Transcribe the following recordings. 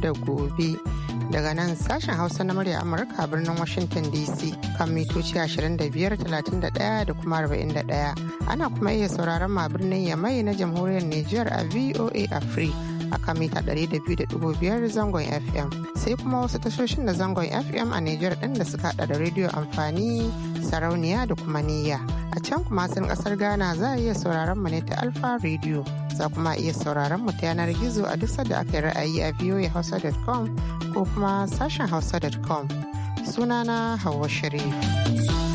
da gobe daga nan sashen hausa na murya amurka birnin washington dc kan mitoci 25,31 da kuma 41 ana kuma iya sauraron ma birnin yamai na jamhuriyar niger a voa afri a kan mita 200.5 zangon fm sai kuma wasu tashoshin da zangon fm a niger din da suka hada da rediyo amfani sarauniya da kuma niyya A can kuma sun kasar Ghana za a iya sauraron mu ne ta Alfa Radio. Za kuma iya sauraron mu ta yanar gizo a duk da aka yi ra'ayi a voahausa.com ko kuma sashen hausa.com. Sunana Hauwa Sharif.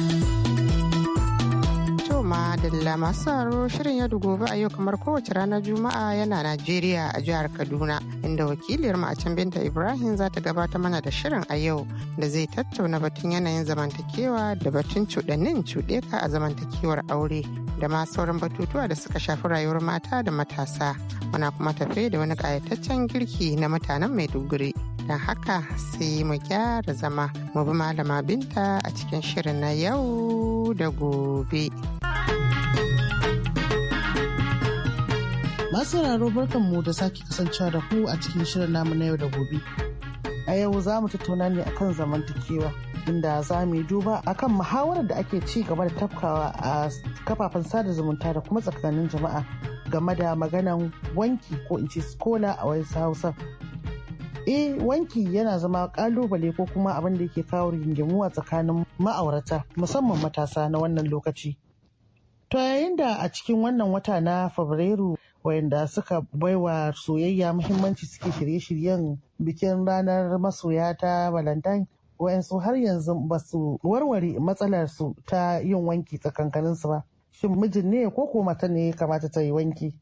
madalla masu sauraro shirin yadu gobe a yau kamar kowace ranar juma'a yana najeriya a jihar kaduna inda wakiliyar mu a can binta ibrahim za ta gabatar mana da shirin a yau da zai tattauna batun yanayin zamantakewa da batun cuɗanin cuɗeka a zamantakewar aure da ma sauran batutuwa da suka shafi rayuwar mata da matasa muna kuma tafe da wani ƙayataccen girki na mutanen maiduguri don haka sai mu gyara zama mu bi malama binta a cikin shirin na yau da gobe. Masu raro barkanmu da sake kasancewa da ku a cikin shirin namu na yau da gobe. A yau za mu tattauna ne akan zamantakewa inda za mu yi duba akan muhawarar da ake ci gaba da tafkawa a kafafen sada zumunta da kuma tsakanin jama'a game da maganan wanki ko in ce skola a wasu hausa eh wanki yana zama kalubale ko kuma abin da yake kawo rigingimu a tsakanin ma'aurata musamman matasa na wannan lokaci to yayin da a cikin wannan wata na fabrairu wayanda suka baiwa soyayya muhimmanci suke shirye-shiryen bikin ranar masoya ta valentine wayansu har yanzu ba su warware matsalar su ta yin wanki tsakankaninsu ba shin mijin ne ko ko mata ne kamata ta yi wanki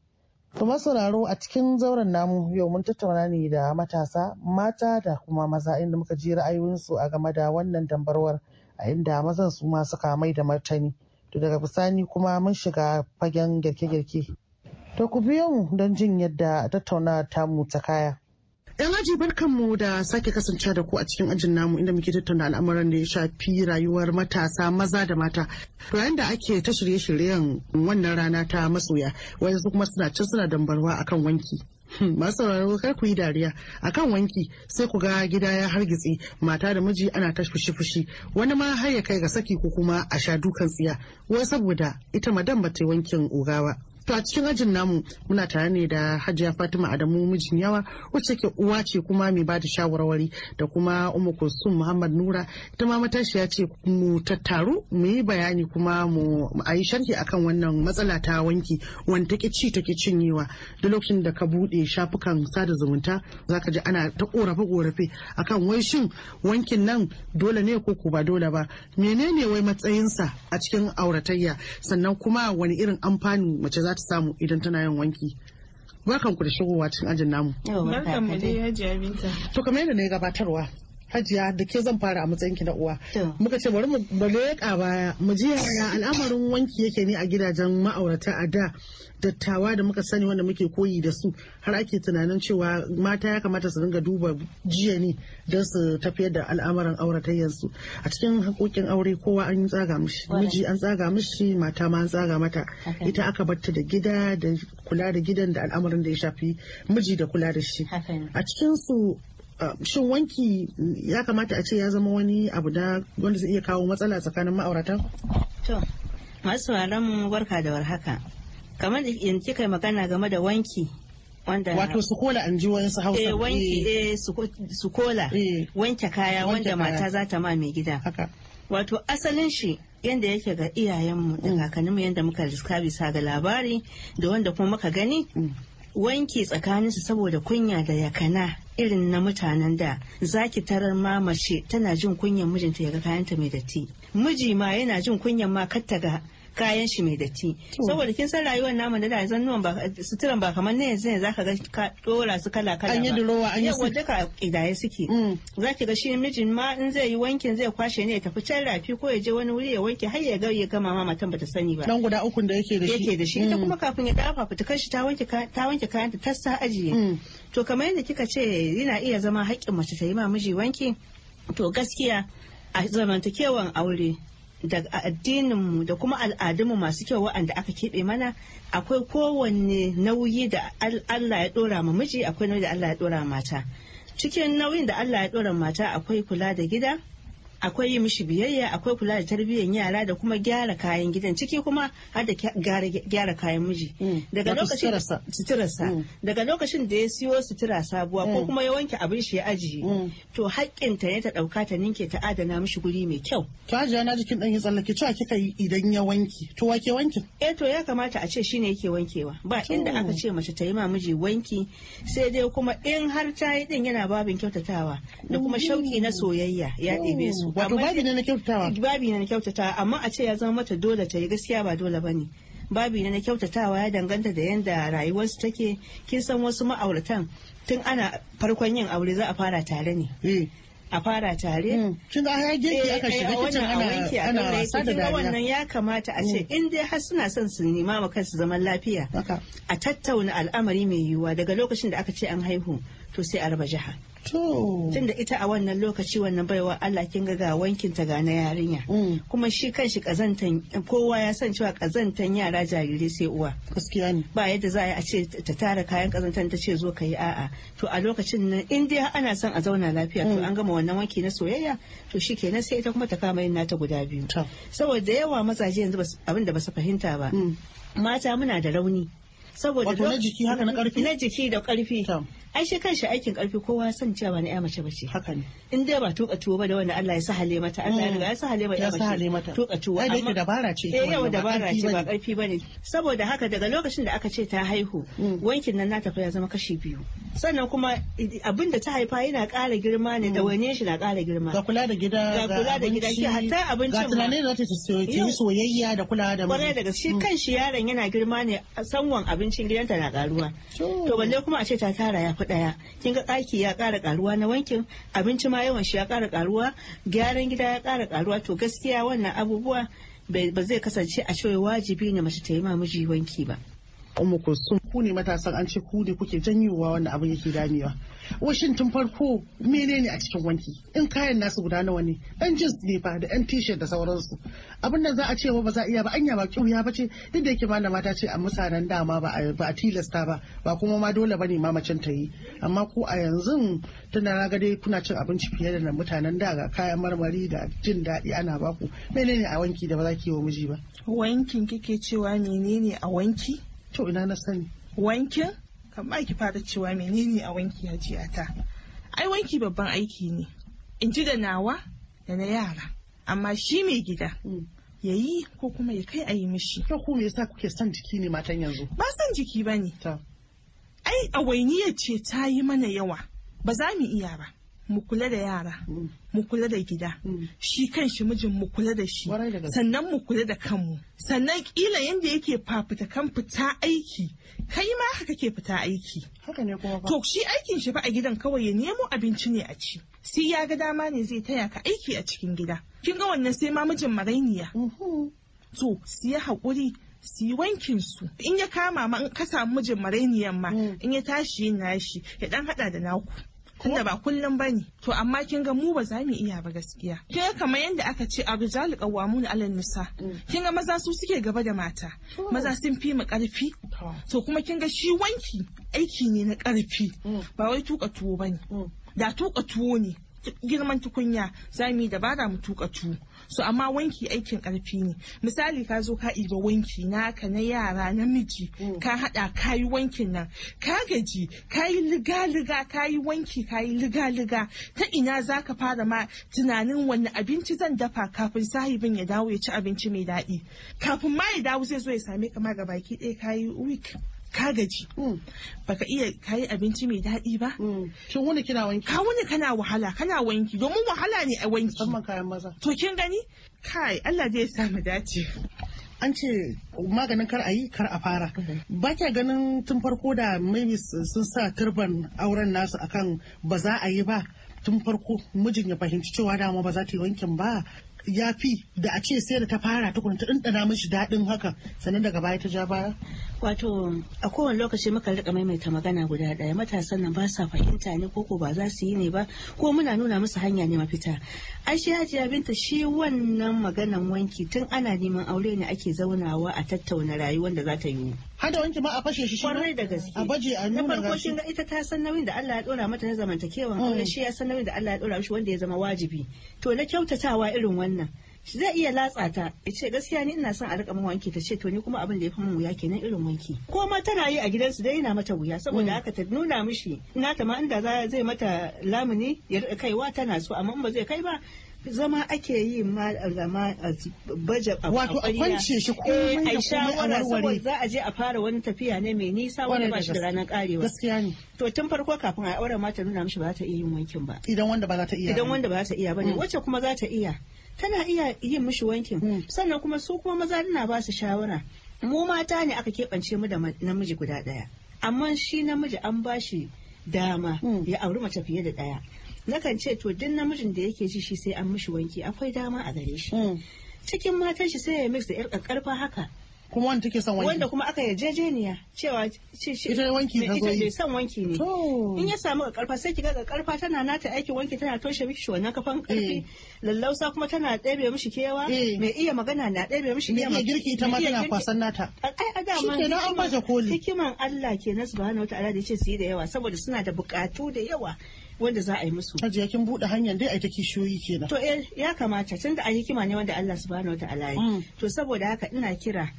To sauraro a cikin zauren namu yau mun tattauna ne da matasa mata da kuma maza inda muka ji ra'ayoyinsu a game da wannan dambarwar a inda mazan su ma suka mai da martani. To daga bisani kuma mun shiga fagen girke-girke. To ku biyo mu don jin yadda tattauna tamu ta kaya. Yan aji mu da sake kasance da ku a cikin ajin namu inda muke tattauna al'amuran da ya shafi rayuwar matasa maza da mata. Yayin da ake ta shirye-shiryen wannan rana ta masoya, wasu kuma suna can suna dambarwa akan wanki. Hmm, masu sauraro kar ku yi dariya akan wanki sai ku ga gida ya hargitse mata da miji ana ta fushi fushi wani ma har ya kai ga saki ko kuma a sha dukan tsiya wai saboda ita madan ba ta yi wankin ogawa. To a cikin ajin namu muna tare ne da Hajiya Fatima Adamu mijin yawa wacce ke uwa ce kuma mai da shawarwari da kuma Umu Kulsum Muhammad Nura ita ma matashiya ce mu tattaru mu yi bayani kuma mu a yi sharhi akan wannan matsala ta wanki wani ke ci take cinyewa duk lokacin da ka bude shafukan sada zumunta zaka ji ana ta korafe korafe akan wai shin wankin nan dole ne ko ko ba dole ba menene wai matsayinsa a cikin auratayya sannan kuma wani irin amfani mace za ta samu idan tana yin wanki barkan ku da shigowa cikin ajin namu barkan mu dai hajiya binta to kamar yadda na gabatarwa hajiya da ke zan fara a matsayin ki na uwa muka ce bari mu leƙa baya mu ji yaya al'amarin wanki yake ne a gidajen ma'aurata a da dattawa da muka sani wanda muke koyi da su har ake tunanin cewa mata ya kamata su dinga duba jiya ne don su tafiyar da auratayyar su a cikin hakokin aure kowa an yi tsaga mishi miji an tsaga mishi mata ma an tsaga mata ita aka batta da gida da kula da gidan da al'amarin da ya shafi miji da kula da shi a cikin su Um, shin wanki ya kamata a ce ya zama wani abu da wanda zai iya kawo matsala tsakanin ma'auratan? To, masu mu barka da warhaka. Kamar da yin kika magana game da wanki wanda wato sukola an ji wani hausa eh wanki eh, eh sukola eh. wanke kaya wanda mata za ta ma mai gida wato asalin shi yanda yake ga iyayenmu da mm. kakanninmu yanda muka riska sa ga labari da wanda kuma muka gani mm. wanki tsakaninsu saboda kunya da yakana irin na mutanen da zaki tarar ma mace tana jin kunyan mijinta ya ga kayanta mai datti miji ma yana jin kunyan ma kar ta ga kayan shi mai datti saboda kin san rayuwar namu da da zannuwan ba suturan ba kamar ne yanzu zaka ga ka dora su kala kala an yi durowa an yi su duka idaye suke mm. zaki ga shi mijin ma in zai yi wankin zai kwashe ne ya tafi can rafi ko ya je wani wuri ya wanke har ya ga ya gama ma matan bata sani ba dan guda uku da yake da shi yake da shi ita mm. kuma kafin ya dafa shi ta wanke ta wanke kayan ta tassa ajiye mm. to kamar yadda kika ce yana iya zama haƙƙin mace ta yi ma miji wanki to gaskiya a zamantakewan aure Daga addininmu da kuma al'adunmu masu kyau waɗanda aka keɓe mana akwai kowanne nauyi da Allah ya ɗora ma miji akwai nauyi da Allah ya ɗora mata cikin nauyin da Allah ya ɗora mata akwai kula da gida akwai yi mishi biyayya akwai kula da tarbiyyar yara da kuma gyara kayan gidan ciki kuma har da gyara kayan miji mm. daga lokacin suturarsa mm. daga lokacin da ya siyo sutura sabuwa ko mm. kuma ya wanke abin shi ya ajiye to ta ne ta ɗauka ta ninke ta adana mishi guri mai kyau to ajiya na jikin ɗan ya tsallake cewa kika yi idan ya wanki to wake wanki eh to ya kamata a ce shine yake wankewa ba inda aka ce mace ta yi ma miji wanki sai dai kuma in har ta yi din yana babin kyautatawa da kuma shauki na soyayya ya ɗebe su wato babi na kyautatawa babi na kyautatawa amma a ce ya zama mata dole ta yi gaskiya ba dole ne babi na kyautatawa ya danganta da yadda rayuwarsu take kin san wasu ma'auratan tun ana farkon yin aure za a fara tare ne eh. a fara tare. Kin ga ya girki aka shiga kicin ana ana tun da dariya. wannan ya kamata a ce hmm. in dai har suna son su nema ma kansu zaman lafiya. A tattauna al'amari mai yiwuwa daga lokacin da aka ce an haihu. to sai a raba jiha tunda ita a wannan lokaci wannan baiwa Allah kin ga wankin ta ga na yarinya mm. kuma shi kanshi kazantan kowa ya san cewa kazantan yara jarirai sai uwa gaskiya ne ba yadda za a ce ta tara kayan kazantan ta ce zo ka yi a'a to a lokacin nan in dai ana son a zauna lafiya to mm. an gama wannan wanki na soyayya to shi kenan sai ita kuma ta kama yin nata guda biyu saboda yawa mazaje yanzu abinda ba su fahimta ba mm. mata muna da rauni saboda na jiki haka na na jiki da karfi ai shi kanshi aikin karfi kowa san cewa na ya mace bace haka ne in dai ba tuka tuwo ba da wanda Allah ya sahale mata Allah ya riga ya sahale mata ya sahale mata tuka tuwo amma da dabara ce eh yau dabara ce ba karfi bane saboda haka daga lokacin da aka ce ta haihu mm. wankin nan nata fa ya zama kashi biyu sannan kuma abin da ta haifa yana ƙara girma ne da mm. wane shi na ƙara girma ga kula da gida ga kula da gida ki hatta abincin ga tunanin da ta ci soyayya da kula da kwarai daga shi mm. kanshi yaron yana girma ne a sanwan abincin gidanta na karuwa to balle kuma a ce ta tara ya fi ɗaya kin ga ɗaki ya ƙara ƙaruwa na wankin abinci ma yawan shi ya ƙara ƙaruwa gyaran gida ya ƙara ƙaruwa to gaskiya wannan abubuwa ba zai kasance a cewa wajibi ne mace ta yi ma miji wanki ba. umu kulsum ku ne matasan an ce ku ne kuke janyowa wanda abin yake damewa washin tun farko menene a cikin wanki in kayan nasu guda nawa ne dan jeans ne fa da yan t da sauransu abin da za a ce ba za a iya ba anya ba kiuya ya bace duk da yake malama ta ce a mutanen dama ba a tilasta ba ba kuma ma dole bane ma macen ta yi amma ko a yanzu tana na dai kuna cin abinci fiye da mutanen da ga kayan marmari da jin daɗi ana baku menene a wanki da ba za ki yi wa miji ba wankin kike cewa menene a wanki to ina na sani wankin ba ki fara cewa menene a wanki hajiya ta ai wanki babban aiki ne in ji da nawa da na yara amma shi mai gida hmm. ya yi ko kuma ya kai a yi mishi ko ku ya yasa kuke son jiki ne matan yanzu ba son jiki bane ai awainiyar ce ta yi mana yawa ba za mu iya ba mu kula da yara mm. mu kula da gida mm. shi kan shi mijin mu kula da shi sannan mu kula da kanmu sannan kila yadda yake fafita kan fita aiki kai ma haka ke fita aiki Haka ne to shi aikin shi ba a gidan kawai ya nemo abinci ne a ci sai ya ga dama ne zai taya ka aiki a cikin gida kin ga wannan sai ma mijin marainiya to yi haƙuri su yi wankin su in ya kama ma in ka samu mijin marainiyan ma mm. in ya tashi yin nashi ya dan hada da naku tunda ba kullum bane to amma kin ga mu ba za mu iya ba gaskiya kin kamar yadda aka ce arjalu qawwamuna alal nisa mm. kin ga maza su suke gaba da mata maza sun fi mu karfi to kuma kin ga shi wanki aiki ne na ƙarfi. Mm. ba wai tuƙa tuwo bane mm. da tuƙa tuwo ne girman tukunya za mu yi dabara mu tuƙa tuwo so amma wanki aikin karfi ne misali ka zo ka iba wanki naka na yara namiji mm. ka haɗa ka yi wankin nan ka gaji ka yi liga-liga ka yi wanki ka yi liga-liga ta ina za ka fara ma tunanin wani abinci zan dafa kafin sahibin ya dawo ya ci abinci mai daɗi kafin ma ya dawo zai zo ya same ka ma baki ɗaya ka yi week ka gaji mm. baka iya kayi abinci mai daɗi ba kin mm. wani kina wanki ka wani kana wahala kana wanki domin wahala ne a wanki kayan maza to kin gani kai Allah zai sa mu dace an ce maganin kar a yi kar a fara mm-hmm. ba kya ganin tun farko da maybe sun sa turban auren nasu akan ba za a yi ba tun farko mijin ya fahimci cewa dama ba za ta yi wankin ba ya fi da a ce sai da ta fara tukuna ta ɗanɗana mishi daɗin haka sannan daga baya ta ja baya Wato a kowane lokaci muka rika maimaita magana guda ɗaya matasan nan ba sa fahimta ne ko ko ba za su yi ne ba ko muna nuna musu hanya ne mafita. Ai shi Hajiya Binta shi wannan maganan wanki tun ana neman aure ne ake zaunawa a tattauna rayuwar da za ta yi. Hada wanki ma a fashe shi kwarai da gaske. A baje a nuna Na farko ga ita ta san nauyin da Allah ya dora mata na zamantakewa kuma mm. shi ya san nauyin da Allah ya dora shi wanda ya zama wajibi. To na kyautatawa irin wannan zai iya latsa ta ya ce gaskiya ni ina son a rika min wanki ta ce to ni kuma abin da ya fi min wuya kenan irin wanki ko ma tana yi a gidansu dai yana mata wuya saboda mm. haka ta nuna mishi ina ta ma inda zai mata lamuni ya rika kaiwa tana so amma in ba zai kai ba zama ake yi ma zama baje a wato a kwance shi komai eh, da shawara saboda za a je a fara wani tafiya ne mai nisa wanda ba shi da ranar karewa gaskiya ne to tun farko kafin a aure ma ta nuna mishi ba za ta iya yin wankin ba idan wanda ba za ta iya idan wanda ba za ta iya ne mm. wacce kuma za ta iya tana iya yin mishi wankin hmm. sannan kuma su kuma maza ina ba su shawara mu mata ne aka keɓance mu da namiji guda ɗaya amma shi namiji an ba shi dama hmm. ya auri mace fiye da ɗaya nakan ce to duk namijin da yake ji shi sai an mishi wanki akwai dama a gare shi hmm. cikin matan shi sai ya mix da yar ƙarfa haka kuma wanda take son wanki wanda kuma aka yarjejeniya cewa ita wanki ta zo ita son wanki ne in ya samu karfa sai kiga karfa tana nata aikin wanki tana toshe miki wannan kafan karfi eh. lallausa kuma tana ɗebe mishi kewa eh. mai iya magana na ɗebe mishi kewa mai girki ita ma tana kwasan nata ai a man shikenan an baje koli hikiman Allah kenan subhanahu wataala da yace su yi da yawa saboda suna da bukatu da yawa wanda za a yi musu. kaje kin buɗe hanyar dai a ta kishiyoyi kenan. To eh, ya kamata tunda a hikima ne wanda Allah subhanahu wataala ya. Mm. To saboda haka ina kira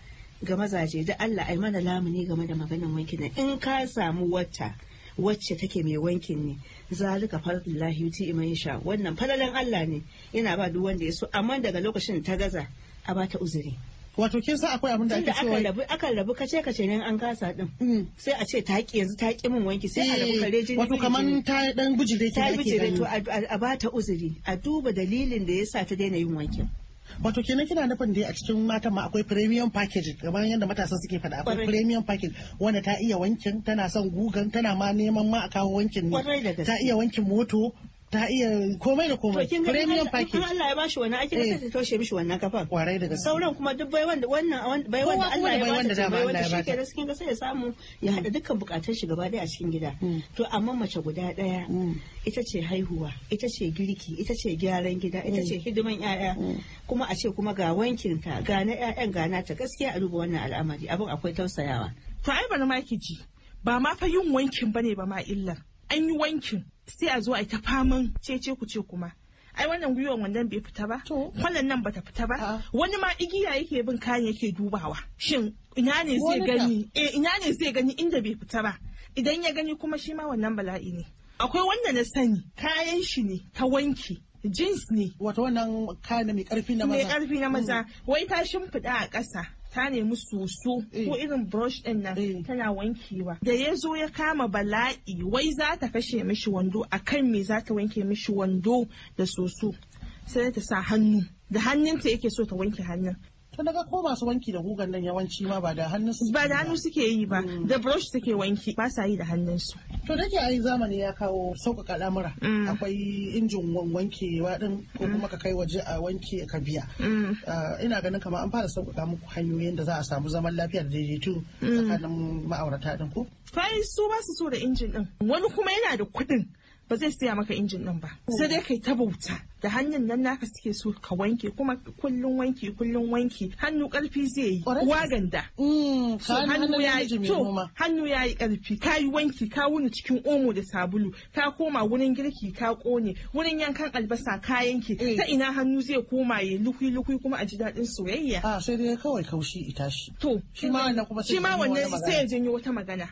ga mazaje da Allah ai mana lamuni game da maganin wankin nan in ka samu wata wacce take mai wankin ne zalika fadlillahi yuti iman sha wannan falalan Allah ne yana ba duk wanda ya so amma daga lokacin ta gaza a bata uzuri wato kin san akwai abin da ake cewa akan rabu akan rabu kace kace ne an kasa din mm. sai a ce ta ki yanzu ta ki min wanki sai a rabu eh, kare jini wato kaman ta dan bujire ki ta bujire to a bata uzuri a duba dalilin da yasa ta daina yin wankin wato kenan kina nufin dai a cikin matan ma akwai premium package kamar yadda matasan suke faɗa akwai premium package wanda ta iya wankin tana son gugan tana ma neman ma a kawo wankin ne ta iya wankin moto ta iya komai da komai premium package kuma Allah ya bashi wannan ake da ta eh. toshe mishi wannan kafa kwarai da gaske sauran kuma duk bai wanda wannan bai wanda Allah ya bata da bai wanda shi ke cikin sai ya samu ya hada dukkan bukatun shi gaba daya a cikin gida hmm. to amma mace guda daya hmm. ita ce haihuwa ita ce girki ita ce gyaran gida ita hmm. ce hidiman yaya kuma a ce kuma ga wankin ka ga na yayan ga na ta gaskiya a duba wannan al'amari abin akwai tausayawa to ai bari ji ba ma fa yin wankin bane ba ma illa an yi wankin sai a zo a ta faman cece ku ce kuma ai wannan gwiwan wannan bai fita ba kwallon nan bata fita ba ah. wani ma igiya yake bin kayan yake dubawa shin ina ne zai gani eh ina ne zai gani inda bai fita ba idan ya gani kuma shi ma wannan bala'i ne akwai wanda na sani kayan shi ne ta wanki jeans ne wato wannan kayan mai karfi na maza mai mm. karfi na maza wai ta shimfiɗa a ƙasa ta nemi soso eh. ko irin brush din nan eh. tana wankewa da ya zo ya kama bala'i wai za ta kashe mishi wando akan me za ta wanke mishi wando da soso sai ta sa hannu da hannunta yake so ta wanke hannun to daga ko masu wanki da gugan nan yawanci ma ba da hannun su ba da hannu suke yi ba mm. da brush suke wanki ba sa yi da hannun su. to dake ke ai zamani ya kawo sauƙaƙa al'amura mm. akwai injin wanke din ko mm. kuma ka kai waje a wanke ka biya ah, ina ganin kamar an fara sauƙaƙa muku hanyoyin da za a samu zaman lafiya da daidaito tsakanin ma'aurata din ko fa su ba su so da injin din wani kuma yana da kuɗin ba zai siya maka injin din ba sai dai kai ta bauta da hanyar nan naka suke so ka wanke kuma kullun wanki kullun wanki hannu karfi zai yi uwa ganda mm, hannu ya yi hannu ya yi karfi ka yi wanki ka wuni cikin omo da sabulu ka koma wurin girki ka kone wurin yankan albasa ka yanke eh. ta ina hannu zai koma ya lukui lukui kuma a ji daɗin soyayya a ah, sai dai kawai kaushi ita shi to shi ma wannan sai ya janyo wata magana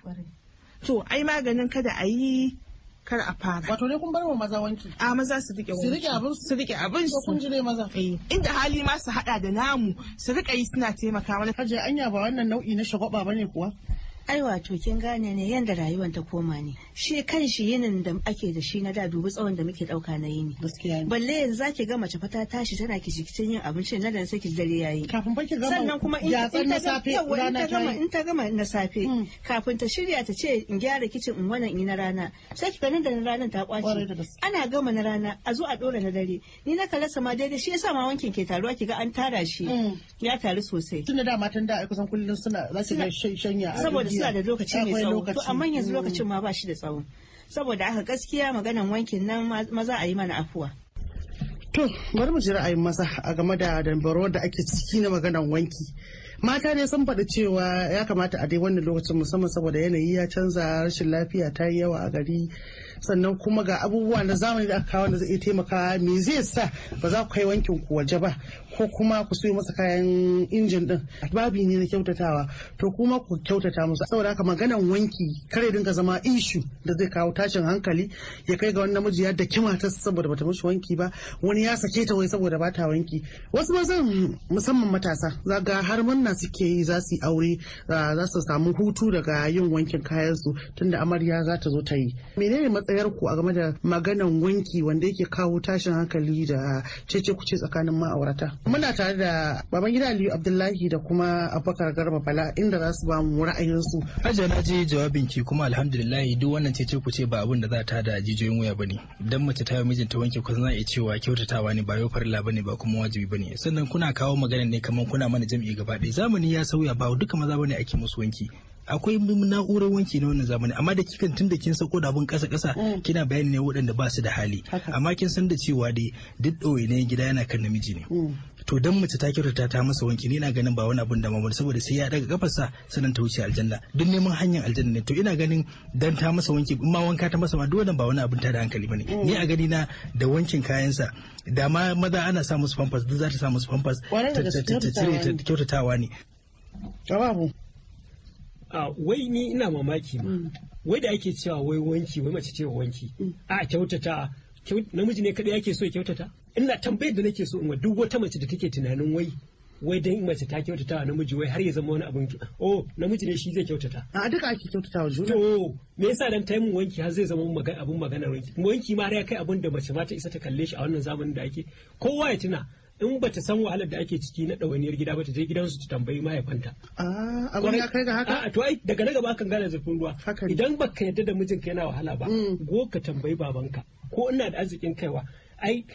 to ai maganin kada a yi kar a fara. Wato ne kun bar wa maza wanki. A maza su rike wanki. Su rike abin su rike abin su. kun jire maza. Eh inda hali ma su hada da namu su rika yi suna taimaka mana. Kaje anya ba wannan nau'i na shagwaba bane kuwa. ai wato kin gane ne yadda rayuwar ta koma ne shi kan shi yinin da ake da shi na da dubu tsawon da muke dauka na yini ne. balle yanzu zaki ga mace fata tashi tana ki cikin yin abinci na dan sai ki dare yayi kafin baki gama sannan kuma in ta safe rana ta in ta gama na safe mm. kafin ta shirya ta ce in gyara kicin in wannan in na rana sai ki ganin da na ranar ta kwace ana gama na rana a zo a dora na dare ni na kalasa ma daidai shi yasa ma wankin ke taruwa ki ga an tara shi mm. ya taru sosai tunda da matan da kusan kullun suna za su ga shanya saboda suna da lokaci mai tsawo to amma yanzu mm. lokacin ma ba shi da tsawo saboda haka gaskiya maganan wankin nan maza a yi mana afuwa to bari mu ji ra'ayin maza a game da dambarwar da ake ciki na maganan wanki mata ne sun faɗi cewa ya kamata a dai wannan lokacin musamman saboda yanayi ya canza rashin lafiya ta yi yawa a gari sannan kuma ga abubuwa na zamani da aka kawo da zai taimaka me zai sa ba za ku kai wankin ku waje ba ko kuma ku suyi masa kayan injin din babi ne na kyautatawa to kuma ku kyautata musu saboda haka maganan wanki kare dinka zama ishu da zai kawo tashin hankali ya kai ga wani namiji ya daki ta saboda bata mishi wanki ba wani ya sake ta wai saboda bata wanki wasu mazan musamman matasa zaga har munna suke yi za su aure za su samu hutu daga yin wankin kayan tunda amarya za ta zo ta yi menene matsayar ku a game da maganan wanki wanda yake kawo tashin hankali da cece kuce tsakanin ma'aurata muna tare da baban gida Aliyu Abdullahi da kuma Abubakar Garba Bala inda za su ba mu ra'ayinsu Hajiya na je jawabin ki kuma alhamdulillah duk wannan cece kuce ba abin da za ta da jijiyoyin wuya bane dan mace ta yi mijinta wanki ko za iya cewa kyautatawa ne ba yau farilla bane ba kuma wajibi bane sannan kuna kawo magana ne kamar kuna mana jam'i gaba ɗaya zamani ya sauya ba duka maza bane ake musu wanki akwai na'urar wanki na wannan zamani amma da kikan tun da kin sako da abun kasa kasa mm. kina bayani ne waɗanda ba su da hali amma kin san da cewa dai duk ɗawainiyar gida yana kan namiji ne mm. to dan mace ta kyautata ta masa wanki ni ina ganin ba wani abun da mamaki saboda sai ya daga kafarsa sanan ta wuce aljanna duk neman hanyar aljanna ne to ina ganin dan ta masa wanki in ma wanka ta masa ma dole ba wani abun ta da hankali bane mm. ni a gani na da wankin kayansa da ma maza ana sa musu pampers duk za ta sa musu pampers ta cire ta kyautatawa ne wai ni ina mamaki ma mm. wai da ake cewa wai wanki wai mace ce wanki mm. a kyautata namiji ne kada yake so ya kyautata ina tambayar da nake so in wa duk wata mace da take tunanin wai wai dan mace ta kyautata wa namiji wai har ya zama wani abin oh namiji ne shi zai kyautata a duka ake kyautata wa juna to me yasa dan tayi mun wanki har zai zama abin magana wanki wanki ma har ya kai abin da mace ma ta isa ta kalle shi a wannan zamanin da ake kowa ya tuna in bata san wahalar da ake ciki na ɗawainiyar gida ba ta je gidansu ta tambayi mahaifanta. Ah, ya kai ga haka? to ai daga na gaba akan gane zurfin ruwa. Idan baka yadda da mijinka yana wahala ba, mm. go ka tambayi babanka ko ina da arzikin kaiwa. Ai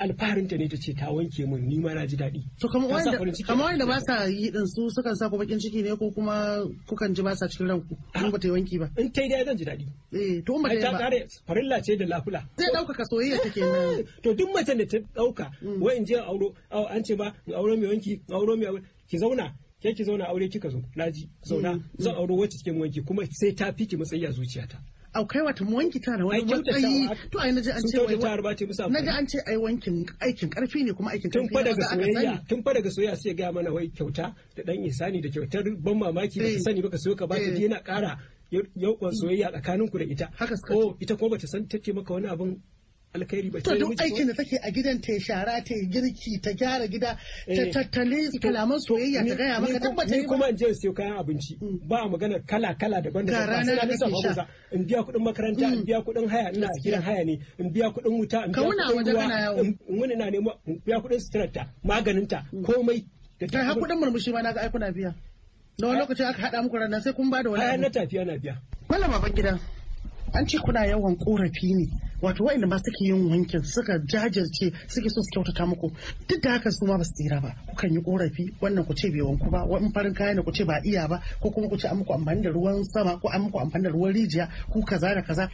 alfaharinta ne ta ce ta wanke mun ni ma na ji daɗi. To kamar wanda ba sa yi din su sukan sa ku bakin ciki ne ko kuma kukan ji ba sa cikin ranku in ba ta yi wanki ba. In ta yi dai zan ji daɗi. Eh to in ba ta ba. Ta kare farilla ce da lafula. Zai ka soyayya take nan. Eh, to duk macen da ta ɗauka mm. wai in je auro an ce ba auro mai wanki auro mai ki zauna ke ki zauna aure kika zo naji zauna mm. zan auro wacce cikin wanki kuma sai ta fi ki matsayi a zuciyata. a kai wata mu wanki tara wani matsayi to ai naji an ce wai naji an ce ai wankin aikin karfi ne kuma aikin karfi tun fa daga soyayya tun fa daga soyayya sai ga mana wai kyauta da dan isani da kyautar ban mamaki da eh. sani baka so ka ba ta eh. yana yau kwan soyayya tsakaninku da ita. Haka oh, ita kuma bata san take maka wani abin alkhairi ba ta duk aikin da take a gidan ta shara ta girki ta gyara gida ta eh, tattale kalaman soyayya ta gaya maka tabbata ni kuma in je siyo kayan abinci mm. ba magana kala kala daban da ba sai na lissa ba in biya kuɗin makaranta in mm. biya kuɗin haya ina gidan haya ne in biya kuɗin wuta in biya kuɗin ruwa in wani na nemo in biya kuɗin suturarta maganinta mm. komai da ta hakuɗin murmushi ma na ga aikuna biya na wani lokaci aka haɗa muku ranar sai kun ba da wani na tafiya na biya malama ban gidan. an ce kuna yawan korafi ne wato wa'inda ma suke yin wankin suka jajirce suke so su kyautata muku duk da haka su ma ba su tsira ba kukan yi korafi wannan ku ce bai wanku ba wani farin kaya ne ku ce ba iya ba ko kuma ku ce an muku amfani da ruwan sama ko an muku amfani da ruwan rijiya ku kaza da kaza.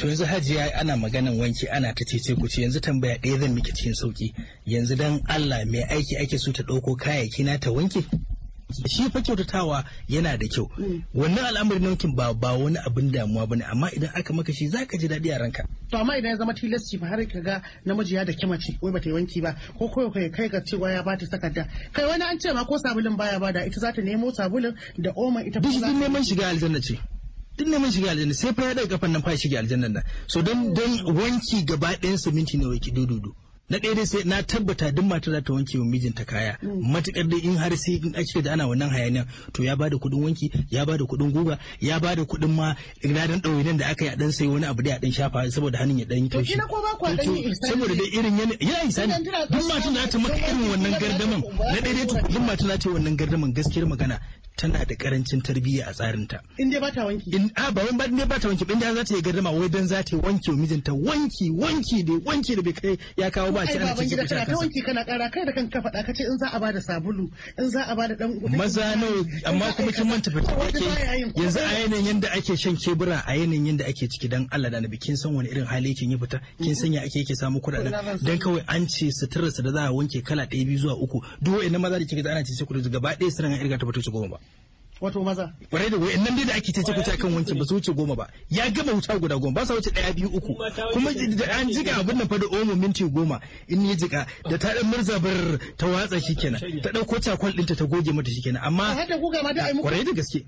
to yanzu hajiya ana maganan wanki ana ta cece ku ce yanzu tambaya ɗaya zan miki cikin sauki yanzu dan Allah mai aiki ake so ta ɗauko kayayyaki na ta wanke shi fa kyautatawa yana da kyau mm. wannan al'amarin wankin ba ba wani abin damuwa bane amma idan aka maka shi zaka ji daɗi a ranka to amma idan ya zama tilasci fa har kaga ga namiji ya da mace wai bata yi wanki ba ko ko kai kai ka cewa ya bata takarda kai wani an ce ma ko sabulin baya bada ita za ta nemo sabulin da oma ita ba neman shiga aljanna ce duk neman shiga aljanna sai fa ya daga kafan nan fa shiga aljannan nan so don don wanki gaba ɗayan siminti ne wai ki dududu na ɗaya dai sai na tabbata duk mata za ta wanke wa mijinta kaya mm. matuƙar dai in har sai in ake da ana wannan hayaniya to ya bada kuɗin wanki ya bada kuɗin guga ya bada kuɗin ma ranar nan da aka yi a ɗan sai wani abu dai a ɗan shafa saboda hannun ya yi taushi saboda dai irin yana sani duk matan za ta maka irin wannan gardaman na ɗaya dai duk matan za ta yi wannan gardaman gaskiyar magana tana da karancin tarbiyya a tsarinta. In dai bata wanki. In a ba wai ba dai bata wanki in dai za ta yi gardama wai dan za ta wa mijinta wanki wanki dai wanki da bai kai ya kawo ba zuba shi ana cikin kana ta wanki kana kara kai da kanka faɗa kace in za a bada sabulu in za a bada dan maza nawa amma kuma kin manta fita ake yanzu a yanayin yanda ake shan kebura a yanayin yanda ake ciki dan Allah da nabi kin san wani irin hali kin yi fita kin san ya ake yake samu kuɗaɗen dan kawai an ce suturar da za a wanke kala ɗaya biyu zuwa uku duk wa'annan maza da kike ana ce sai ku gaba ɗaya sirrin an irga ta fito ci goma ba wato maza kwarai da wayan nan dai da ake cece kuce kan wancan ba su wuce goma ba ya gama wuta guda goma ba sa wuce daya biyu uku kuma da an jika abin nan fa da omo minti goma in ya jika da ta dan murza bar ta watsa shikenan ta dauko cakwal dinta ta goge mata shikenan amma har da kuka ma da ai muku kwarai da gaske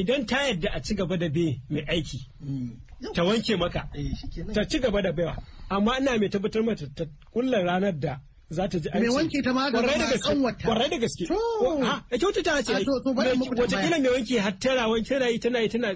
idan ta yadda a ci gaba da be mai aiki ta wanke maka eh, ta ci gaba da baiwa amma ina mai tabbatar mata ta kullar ranar da za ta ji aiki. Mai wanki ta ma ga kan wata. Kwarai da gaske. To. Ha, kyauta ta ce. To, to bari muku Wata kila mai wanki har tara wai tana yi tana yi tana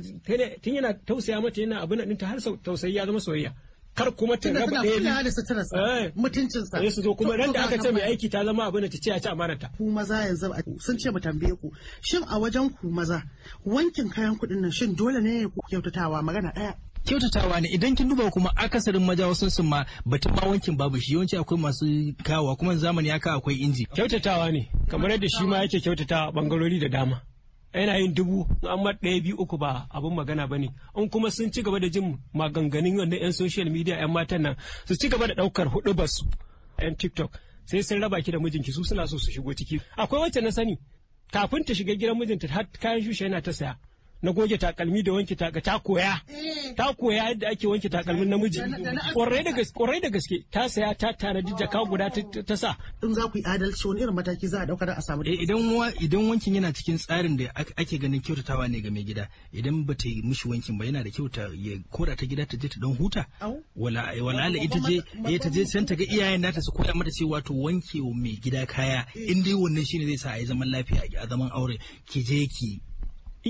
tun yana tausaya mata yana abin nan ta har tausayi ya zama soyayya. Kar kuma ta raba ɗaya ne. da suturarsa, eh. mutuncinsa. Sai su zo kuma ran da aka ce mai aiki ta zama abin da ta ce a ci ta. Ku maza yanzu sun ce mu tambaye ku. Shin a wajen ku maza wankin kayan kuɗin nan shin dole ne ku kyautatawa magana ɗaya. kyautatawa ne idan kin duba kuma akasarin maza wasu sun ma batun ma wankin babu shi yawanci akwai masu kawo kuma zamani ya kawo akwai inji kyautatawa ne kamar yadda shi ma yake kyautatawa bangarori da dama yana yin dubu amma ɗaya biyu uku ba abun magana ba ne in kuma sun ci gaba da jin maganganun wannan 'yan social media 'yan matan nan su ci gaba da ɗaukar ba huɗubarsu 'yan tiktok sai sun raba ki da mijinki su suna so su shigo ciki akwai wacce na sani kafin ta shiga gidan mijinta har kayan shushe yana ta saya na goge takalmi da wanke taka ta koya eh. ta koya yadda ake wanke takalmin namiji kwarai da gaske kwarai da gaske ta saya ta tanadi jaka guda ta sa in za ku yi adalci wani irin mataki za a dauka da a samu eh, idan idan wankin yana cikin tsarin da ake ganin kyautatawa ne ga mai gida idan ba ta yi mishi wankin ba yana da kyauta ya koda ta gida ta je ta dan huta wala wala ita je eh ta je san ta ga iyayen nata su koya mata cewa to wanke mai gida kaya eh. in dai wannan shine zai sa a yi zaman lafiya a zaman aure ki je ki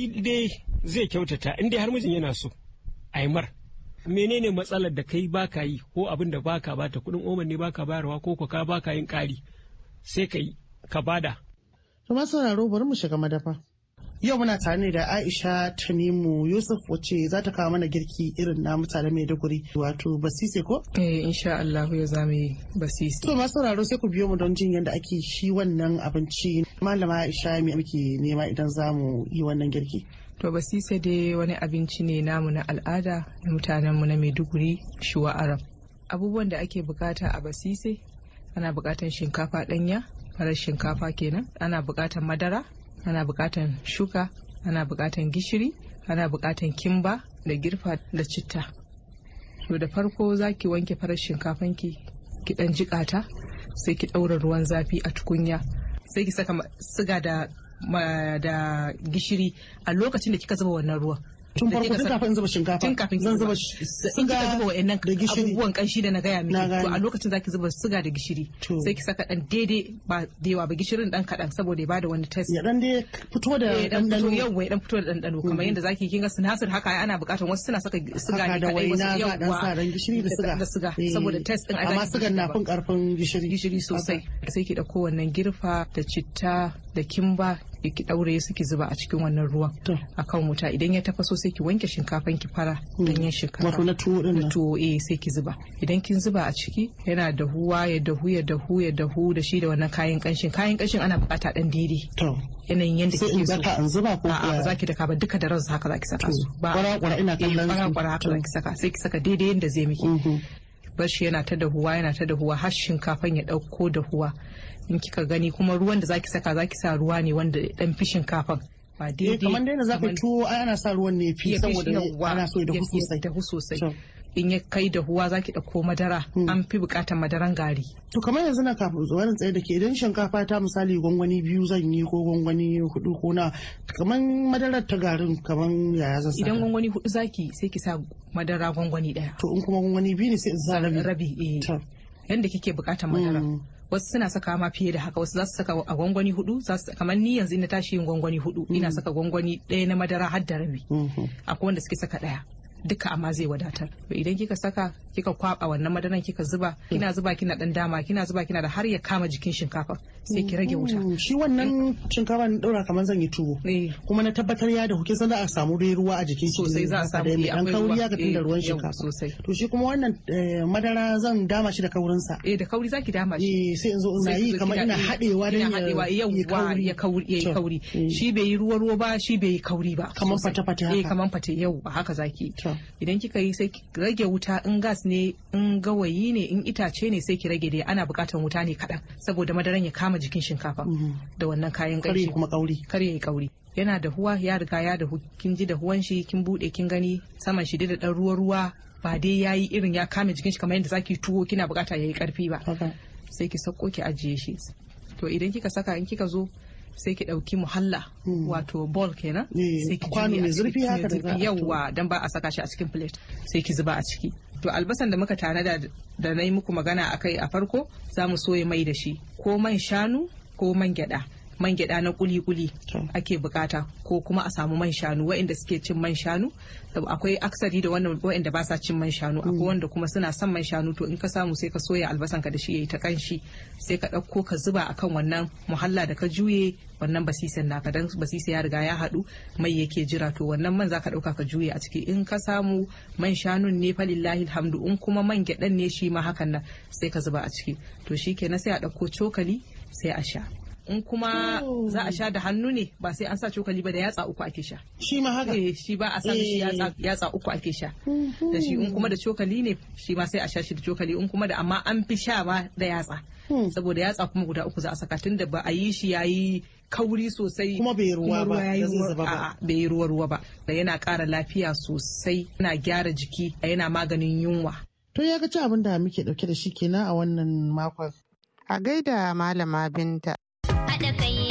dai zai kyautata in dai har mijin yana so aimar menene matsalar da kai baka yi ko abin da baka bata kudin oman ne baka bayarwa ko ka baka yin kari sai ka yi ka bada. To sauraro bari mu shiga madafa. Yau muna tare ne da Aisha Tanimu Yusuf wacce za ta kawo mana girki irin na mutane Maiduguri wato basise ko? Eh insha Allah ya za basise. To masu sauraro sai ku biyo mu don jin yadda ake shi wannan abinci. Malama Aisha me muke nema idan za mu yi wannan girki? To basise dai wani abinci ne namu na al'ada na mutanenmu na Maiduguri wa Arab. Abubuwan da ake bukata a basise ana bukatan shinkafa ɗanya farar shinkafa kenan ana bukatan madara ana bukatan shuka ana bukatan gishiri ana bukatan kimba da girfa da citta to da farko za ki wanke farar shinkafanki ki dan jikata sai ki ɗaura ruwan zafi a tukunya sai ki saka siga da gishiri a lokacin da kika zuba wannan ruwan tun farko tun kafin zuba shinkafa Tun kafin zan zuba suga da gishiri abubuwan kanshi da na gaya miki to a lokacin zaki zuba siga da gishiri sai ki saka dan daidai ba da yawa ba gishirin dan kadan saboda ya bada wani test ya dan dai fito da dandano yau wai dan fito da dandano kamar mm-hmm. yadda zaki kin ga sinasir haka ana bukatar wasu suna saka siga ne da wasu na dan sa dan gishiri da siga da siga eh. saboda test din amma sigan na fin karfin gishiri gishiri sosai sai ki da wannan girfa da citta da kimba ki daure su ki zuba a cikin wannan ruwan a kan wuta idan ya tafaso sai ki wanke shinkafan ki fara danyen hmm. shinkafa wato na tuwo din na tuwo eh sai ki zuba idan kin zuba a ciki yana da huwa ya dahu ya dahu ya dahu da shi da wannan kayan kanshin kayan kanshin ana bukata dan daidai to yanayin yadda kike so sai in zuba ko a'a zaki daka ba duka da ransa haka zaki saka su ba kwara kwara ina eh, kallon kwara kwara haka zaki saka sai ki saka daidai yanda zai miki mm-hmm. bar shi yana ta dahuwa yana ta dahuwa har shinkafan ya dauko dahuwa in kika gani kuma ruwan da zaki saka zaki sa ruwa ne wanda dan fishin kafan ba eh, daidai kamar dai na zaka tuwo ana sa ruwan ne fi saboda ana so da husu sosai da husu sosai in ya kai da huwa zaki dauko madara hmm. an fi bukatar madaran gari to kamar yanzu na kafin zuwa tsaye da ke idan shinkafa ta misali gwangwani biyu zan yi ko gwangwani hudu ko na kamar madarar ta garin kamar yaya zan idan gwangwani hudu zaki sai ki sa madara gwangwani daya to in kuma gwangwani biyu ne sai in sa rabi rabi eh yanda kike bukatar madara hmm. wasu suna saka ma fiye da haka wasu za su saka a gwangwani hudu kamar ni yanzu ina tashi yin gwangwani hudu mm. ina saka gwangwani ɗaya na madara har da rabi mm-hmm. akwai wanda suke saka ɗaya duka amma zai wadatar idan kika saka kika kwaba wannan madaran kika zuba kina mm. zuba kina dan dama kina zuba kina da har ya kama jikin shinkafa sai ki rage wuta mm, shi wannan eh. shinkafa na ɗora kamar zan yi tuwo eh. kuma na tabbatar ya da hukin san za a samu ruwa a jikin shi sosai za a samu dan eh, kauri ya ga tunda ruwan shinkafa sosai to shi kuma wannan madara zan dama shi da kaurin sa eh da kauri zaki dama shi eh sai in zo ina yi kamar ina hadewa dan ya kauri ya kauri shi bai yi ruwa ruwa ba shi bai yi kauri ba kamar fata fata haka eh kamar fata yau a haka zaki idan kika yi sai rage wuta in gas ne in gawayi ne in itace ne sai ki rage dai ana bukatan wuta ne kadan saboda madaran ya kama kama jikin shinkafa mhm. da wannan kayan kare kuma kauri kare ya kauri yana da huwa ya riga ya da kin ji da huwan shi kin bude kin gani saman shi da dan ruwa ruwa ba dai yayi irin ya kama jikin shi kamar yadda zaki tuwo kina bukata yayi karfi ba sai ki sako ki ajiye shi to idan kika saka in kika zo sai ki dauki muhalla mhm. wato ball kenan eh, sai ki kwano mai zurfi haka da yawa dan ba a saka shi a cikin plate sai ki zuba a ciki to albasan da muka tanada da na yi muku magana a kai a farko za mu soya mai da shi ko man shanu ko man gyada man gyada na kuli-kuli ake bukata ko kuma a samu man shanu waɗanda suke cin man shanu akwai aksari da wannan waɗanda ba sa cin man shanu akwai mm. wanda kuma suna son man shanu to in ka samu sai ka soya albasan ka da shi yayi ta kanshi sai ka ɗauko ka zuba akan wannan muhalla da ka juye wannan basisan naka dan basisa ya riga ya haɗu mai yake jira to wannan man zaka ɗauka ka juye a ciki in ka samu man shanun ne falillahi alhamdu in kuma man gyaɗan ne shi ma hakan nan sai ka zuba a ciki to shikenan sai a ɗauko cokali sai a sha in kuma hmm. za a sha da hannu ne ba sai an sa cokali ba da yatsa uku ake sha shi ma haka eh shi ba a sa shi eh. yatsa uku ake sha hmm. da shi in kuma da cokali ne shi ma sai a sha shi da cokali in kuma da amma an fi sha ba da yatsa hmm. saboda yatsa kuma guda uku za a saka da ba a yi shi ya yi kauri sosai kuma bai ruwa ba a bai ruwa ruwa ba da yana ƙara lafiya sosai yana gyara jiki yana maganin yunwa to ya ga ci abin da muke ɗauke da shi kenan a wannan makon a gaida malama binta haɗa kai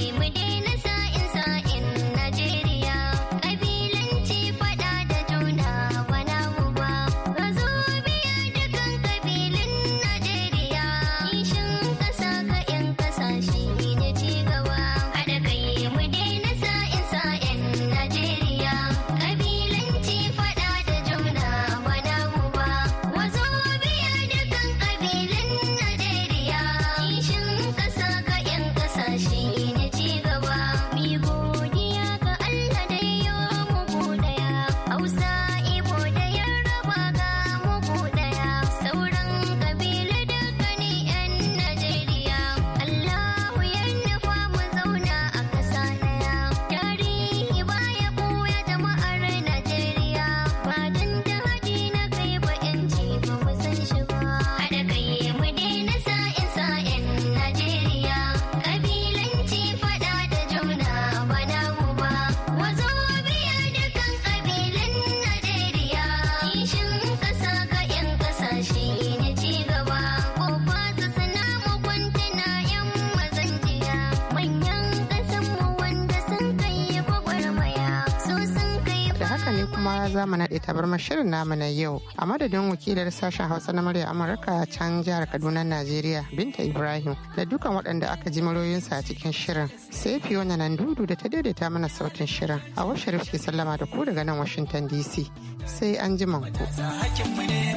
za mu naɗe tabarmar shirin namu na yau a madadin wakilar sashen hausa na murya amurka can jihar kaduna najeriya binta ibrahim da dukan waɗanda aka ji muryoyinsa a cikin shirin sai na nan dudu da ta daidaita mana sautin shirin a washe ke sallama da ku daga nan washington dc sai an ji ku.